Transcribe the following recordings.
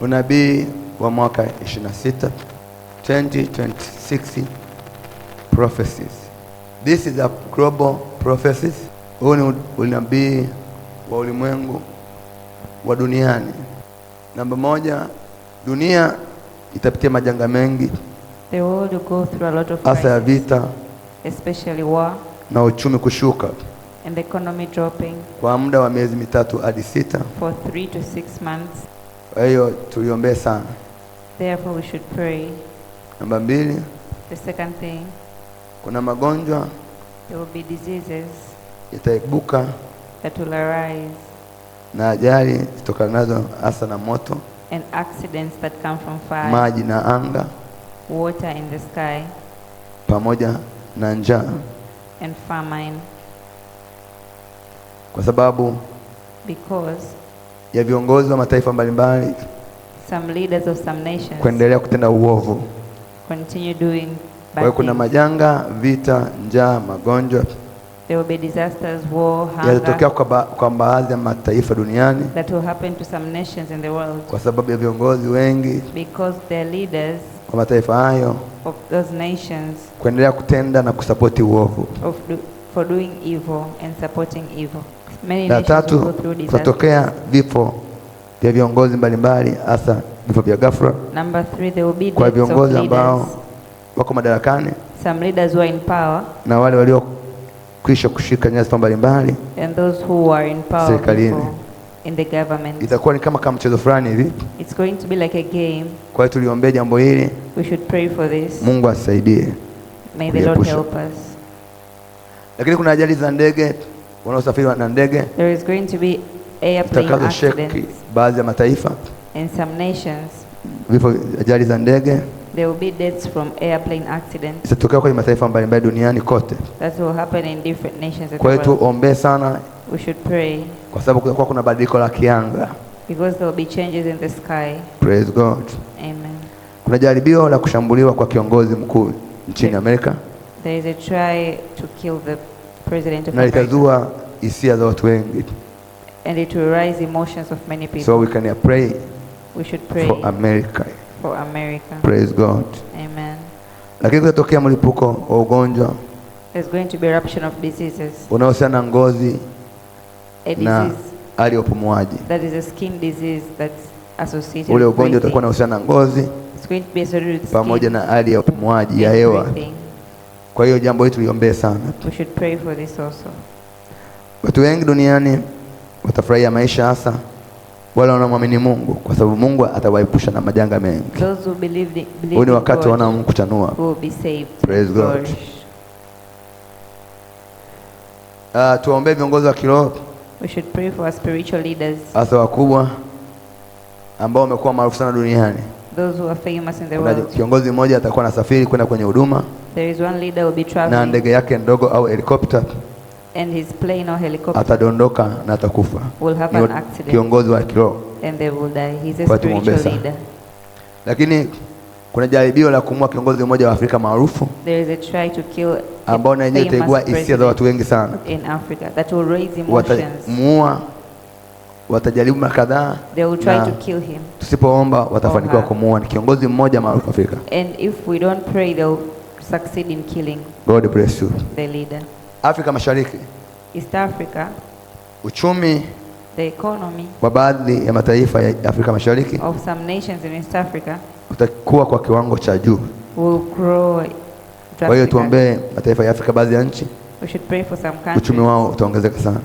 Unabii wa mwaka 26 2026 prophecies. This is a global prophecies. Huu ni unabii wa ulimwengu wa duniani. Namba moja, dunia itapitia majanga mengi, will go through a lot of hasa ya vita, especially war, na uchumi kushuka and the economy dropping, kwa muda wa miezi mitatu hadi sita, for three to six months kwa hiyo tuliombee sana. Therefore we should pray. Namba mbili. The second thing. Kuna magonjwa there will be diseases yataibuka that will arise. Na ajali zitokanazo hasa na moto and accidents that come from fire. Maji na anga water in the sky. Pamoja na njaa and famine. Kwa sababu because ya viongozi wa mataifa mbalimbali kuendelea kutenda uovu. Kwa hiyo kuna majanga, vita, njaa, magonjwa yatatokea kwa, ba kwa baadhi ya mataifa duniani kwa sababu ya viongozi wengi kwa mataifa hayo kuendelea kutenda na kusapoti uovu na tatu kutatokea vifo vya viongozi mbalimbali, hasa vifo vya ghafla kwa viongozi ambao wako madarakani Some leaders who are in power, na wale waliokwisha kushika nyadhifa mbalimbali serikalini itakuwa ni kama kama mchezo fulani hivi. It's going to be like a game. Kwa hiyo tuliombea jambo hili, we should pray for this. Mungu asaidie, may the Lord help us. Lakini kuna ajali za ndege wanaosafiri na ndege takazo baadhi ya mataifa in some nations, vifo ajali za ndege there will be deaths from airplane accidents. Zitatokea kwenye mataifa mbalimbali duniani kote. That will happen in different nations. Kwa hiyo tuombe sana. We should pray. Kwa sababu kutakuwa kuna badiliko la kianga. Because there will be changes in the sky. Praise God. Amen. Kuna jaribio la kushambuliwa kwa kiongozi mkuu nchini Amerika. There is a try to kill the president of America. Na litazua hisia za watu wengi. And it will raise emotions of many people. So we can pray. We should pray for America. For America. Praise God. Amen. Lakini kutatokea mlipuko wa ugonjwa. There's going to be eruption of diseases. Unaohusiana na ngozi na hali ya upumuaji. That is a skin disease that's associated. Ule ugonjwa utakuwa unahusiana na ngozi pamoja na hali ya upumuaji ya hewa. Kwa hiyo jambo hili tuliombee sana. We should pray for this also. Watu wengi duniani watafurahia maisha hasa wale wanaomwamini Mungu kwa sababu Mungu atawaepusha na majanga mengi. Huu ni wakati wanaomkutanua. Praise God. Uh, tuwaombee viongozi wa kiroho hasa wakubwa ambao wamekuwa maarufu sana duniani. Kiongozi mmoja atakuwa anasafiri kwenda kwenye huduma na ndege yake ndogo au helikopta and his plane or helicopter atadondoka na atakufa. Will have an accident. Kiongozi wa kiroho and they will die. He's a spiritual leader. Lakini kuna jaribio la kumua kiongozi mmoja wa Afrika maarufu ambao na yenyewe itaibua hisia za watu wengi sana. Watamuua, watajaribu mara kadhaa, tusipoomba watafanikiwa kumuua. Ni kiongozi mmoja maarufu Afrika. God bless you. The leader. Afrika Mashariki, East Africa, uchumi the economy wa baadhi ya mataifa ya Afrika Mashariki of some nations in East Africa utakuwa kwa kiwango cha juu. Will grow. Kwa hiyo tuombee mataifa ya Afrika, baadhi ya nchi We should pray for some countries. Uchumi wao utaongezeka sana.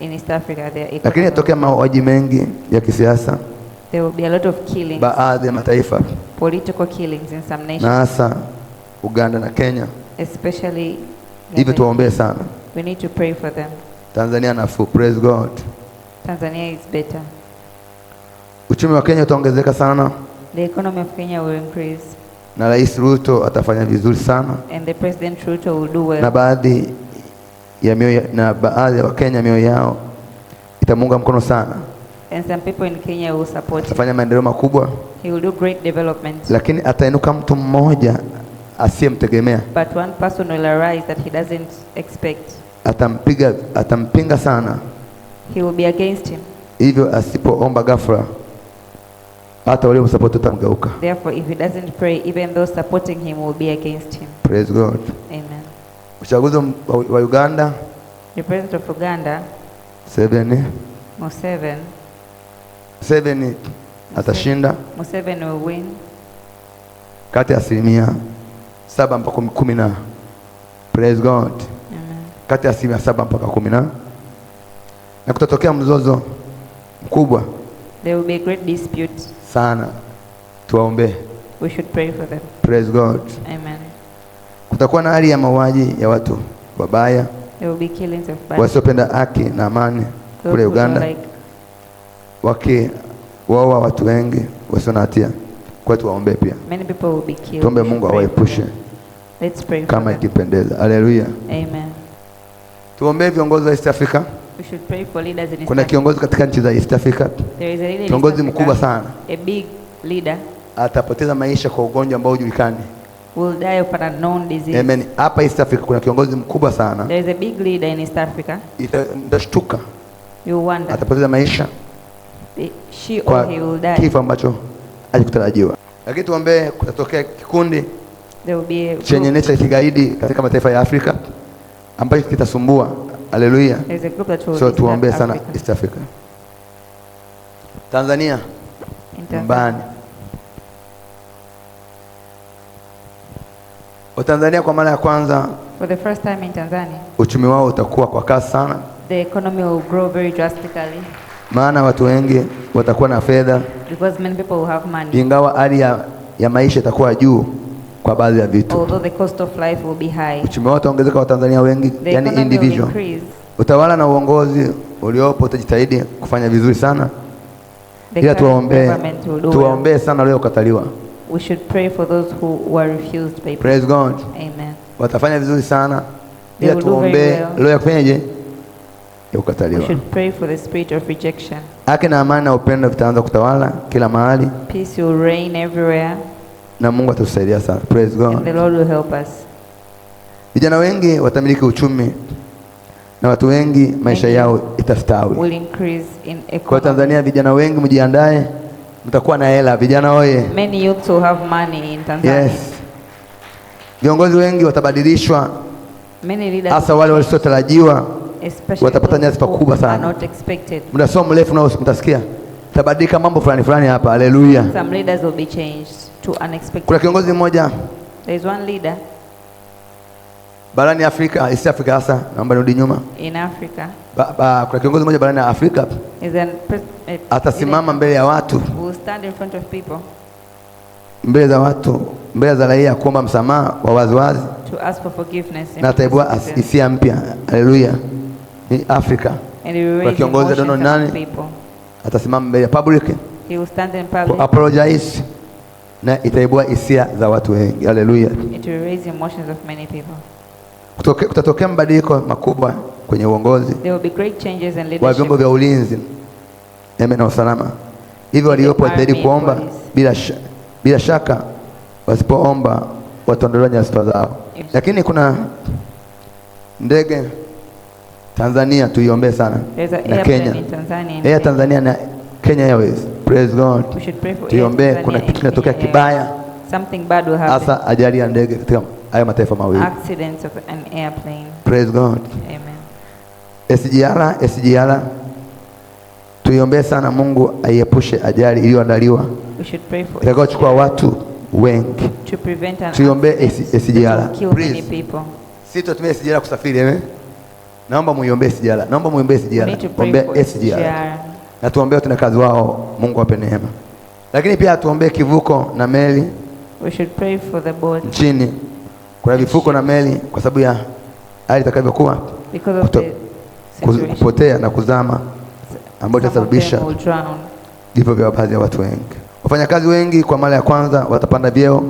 In East Africa there are lakini yatokea mauaji mengi ya kisiasa. There will be a lot of killings. Baadhi ya mataifa. Political killings in some nations. Na hasa Uganda na Kenya. Especially hivyo tuwaombee sana. We need to pray for them. Tanzania nafuu, praise God. Tanzania is better. Uchumi wa Kenya utaongezeka sana. The economy of Kenya will increase. Na Rais Ruto atafanya vizuri sana. And the President Ruto will do well. Na baadhi ya mioyo na baadhi ya Wakenya mioyo yao itamuunga mkono sana. And some people in Kenya will support. Atafanya maendeleo makubwa. He will do great development. Lakini atainuka mtu mmoja asiyemtegemea atampiga, atampinga sana he will be against him hivyo asipoomba ghafla hata wale msapoti utamgeuka. Therefore if he doesn't pray even those supporting him will be against him. Praise God. Amen. Uchaguzi wa Uganda. The president of Uganda. seven mo seven seven atashinda. mo seven will win. Kati ya asilimia saba mpaka kumi na praise God. Amen. Kati ya asilimia saba mpaka kumi na na kutatokea mzozo mkubwa. There will be great dispute. Sana Tuwaombe. We should pray for them. Praise God. Amen. Kutakuwa na hali ya mauaji ya watu wabaya There will be killings of bad. wasiopenda haki na amani kule Uganda, like... wakiwaua watu wengi wasio na hatia. Kwa tuwaombe pia, Many people will be killed. tuombe Mungu awaepushe Let's pray for kama ikipendeza. Haleluya. Amen. Tuombee viongozi wa East Africa. We should pray for leaders in East kuna kiongozi katika nchi za East Africa. There is a leader kiongozi mkubwa sana, a big leader, atapoteza maisha kwa ugonjwa ambao hujulikani. Will die of an unknown disease. Amen. Hapa East Africa kuna kiongozi mkubwa sana. There is a big leader in East Africa. Itashtuka. You wonder. Atapoteza maisha she or he will die. Kifo ambacho hakikutarajiwa. Lakini tuombee kutatokea kikundi chenye nature ya kigaidi katika mataifa ya Afrika ambayo kitasumbua. Haleluya, so tuwaombee sana East Africa, Tanzania, nyumbani Tanzania kwa mara ya kwanza For the first time in Tanzania, uchumi wao utakuwa kwa kasi sana. The economy will grow very drastically. Maana watu wengi watakuwa na fedha. Because many people will have money. Ingawa hali ya, ya maisha itakuwa juu kwa baadhi ya vitu. Although the cost of life will be high. Uchumi wao utaongezeka, Tanzania wengi, yani individual. Utawala na uongozi uliopo utajitahidi kufanya vizuri sana, ila tuwaombee, tuwaombee sana leo We should pray for those who were refused ukataliwa. Praise God. Amen. Watafanya vizuri sana ila tuombe leo ya kufanyaje ya kukataliwa. Haki na amani na upendo vitaanza kutawala kila mahali. Peace will reign everywhere na Mungu atatusaidia sana. Praise God. the Lord will help us. Vijana wengi watamiliki uchumi na watu wengi maisha yao itastawi. Will increase in economy. Kwa Tanzania vijana wengi mjiandae, mtakuwa na hela vijana oye. Many youth have money in Tanzania. Yes. Viongozi wengi watabadilishwa hasa wale walisotarajiwa watapata nafasi kubwa sana. Muda mrefu na mtasikia tabadilika mambo fulani fulani hapa. Haleluya. Some leaders will be changed to unexpected. Kuna kiongozi mmoja There is one leader barani Afrika, East Africa hasa, naomba nirudi nyuma. In Africa. Ba, ba, kuna kiongozi mmoja barani Afrika Is an eh, atasimama mbele ya watu, will stand in front of people, mbele za watu, mbele za raia kuomba msamaha wa waziwazi to ask for forgiveness na ataibua hisia mpya. Hallelujah. ni Afrika. Kuna kiongozi dono nani atasimama mbele ya public, he will stand in public, apologize na itaibua hisia za watu wengi. Haleluya! Kutatokea mabadiliko makubwa kwenye uongozi wa vyombo vya ulinzi na usalama, hivyo waliopo wataidi kuomba. Bila, sh bila shaka wasipoomba wataondolewa nyadhifa zao. Lakini kuna ndege Tanzania tuiombee sana na Kenya. Tanzania na Kenya Airways Praise God. Tuiombee. Kuna kitu kinatokea kibaya, hasa ajali ya ndege katika haya mataifa mawili. Accident of an airplane. Praise God. Amen. SGR, SGR. Tuiombee sana Mungu aiepushe ajali iliyoandaliwa itakayochukua watu wengi. Tuiombee SGR. Sitatumia SGR kusafiri. Eh? Naomba muiombee SGR. Naomba muiombee SGR. Ombea SGR na tuombee utendakazi wao, Mungu awape neema. Lakini pia tuombee kivuko na meli nchini. Kuna vifuko na meli kwa sababu ya hali itakavyokuwa kupotea na kuzama, ambayo itasababisha vifo vya baadhi ya watu wengi. Wafanyakazi wengi kwa mara ya kwanza watapanda vyeo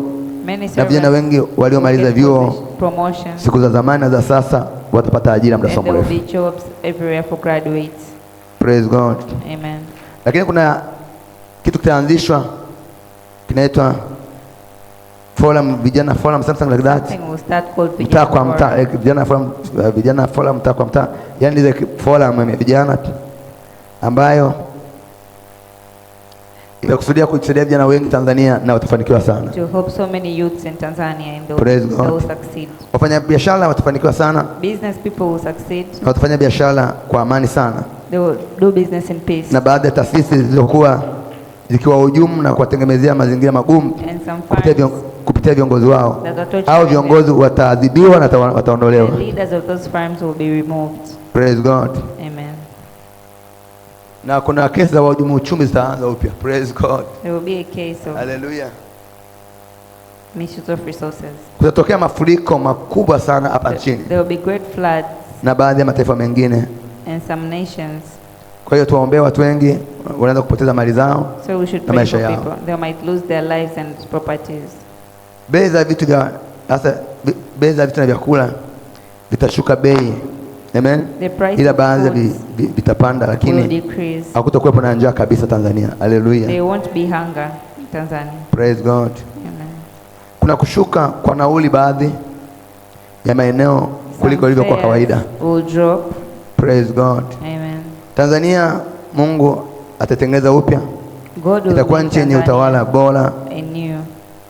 na vijana wengi waliomaliza vyuo siku za zamani na za sasa watapata ajira muda mrefu. Praise God. Amen. Lakini kuna kitu kitaanzishwa kinaitwa forum vijana forum something like that. Mtaa kwa mtaa eh, vijana forum eh, vijana forum mtaa kwa mtaa, Yaani ile forum ya vijana ambayo inakusudia kusaidia vijana wengi Tanzania na watafanikiwa sana. To hope so many youths in Tanzania and those who will succeed. Wafanya biashara watafanikiwa sana. Business people will succeed. Watafanya biashara kwa amani sana. They will do business in peace. Na baadhi ya taasisi zilizokuwa zikiwahujumu na kuwatengemezea mazingira magumu kupitia viongozi wao, au viongozi wataadhibiwa na wataondolewa. Praise God. Amen. Na kuna kesi za wahujumu uchumi zitaanza upya. Praise God. There will be a case of Hallelujah. Misuse of resources. Kutatokea mafuriko makubwa sana hapa nchini. There will be great floods. Na baadhi ya mataifa mengine and some nations. Kwa hiyo tuwaombee watu wengi wanaweza kupoteza mali zao so we should na maisha yao. They might lose their lives and properties. Bei za vitu vya sasa vi- bei za vitu na vyakula vitashuka bei. Amen. Ila baadhi vitapanda lakini hakutakuwepo na njaa kabisa Tanzania. Hallelujah. There won't be hunger in Tanzania. Praise God. Amen. Kuna kushuka kwa nauli baadhi ya maeneo kuliko Some ilivyo kwa kawaida. Will drop Praise God. Amen. Tanzania Mungu atatengeneza upya, itakuwa nchi yenye utawala bora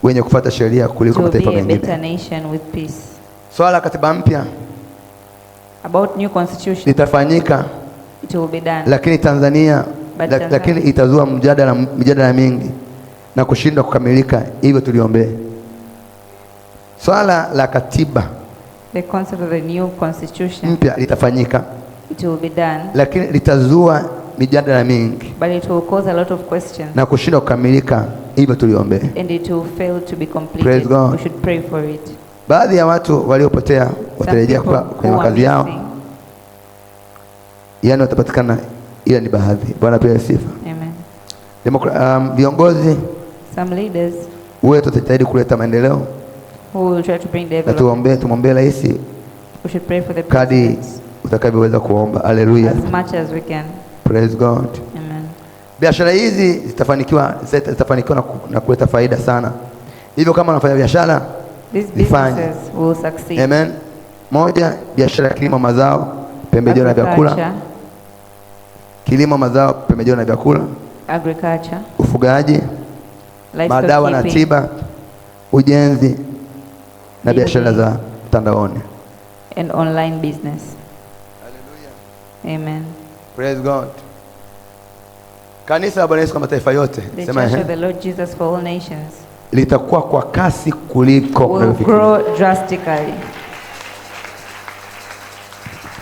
wenye kufata sheria kuliko mataifa mengine. Swala katiba mpya litafanyika, lakini Tanzania lakini itazua mjadala, mjadala mingi na kushindwa kukamilika. Hivyo tuliombee swala la katiba mpya litafanyika It will be done. Lakini litazua mijadala mingi But it will cause a lot of questions. na kushindwa kukamilika, hivyo tuliombee. And it will fail to be completed. Praise God. We should pray for it. Baadhi ya watu waliopotea watarejea kwa kwenye makazi yao, yaani watapatikana, ila ni baadhi. Bwana pia sifa. Amen. Um, viongozi wewe, tutajitahidi kuleta maendeleo, na tuombe, tumwombee rais kadi utakavyoweza kuomba. Haleluya. As much as we can. Praise God. Amen. Biashara hizi zitafanikiwa zitafanikiwa na kuleta faida sana. Hivyo kama unafanya biashara zifanye. Will succeed. Amen. Moja, biashara ya kilimo mazao, pembejeo na vyakula. Kilimo mazao, pembejeo na vyakula. Agriculture. Ufugaji. Madawa na tiba, ujenzi na biashara za mtandaoni. And online business. Amen. Praise God. Kanisa la Bwana Yesu kwa mataifa yote. The Sema, Church of the Lord Jesus for all nations. Litakuwa kwa kasi kuliko will grow drastically.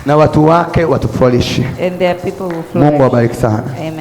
Na watu wake watufurahishe. And their people will flourish. Mungu awabariki sana. Amen.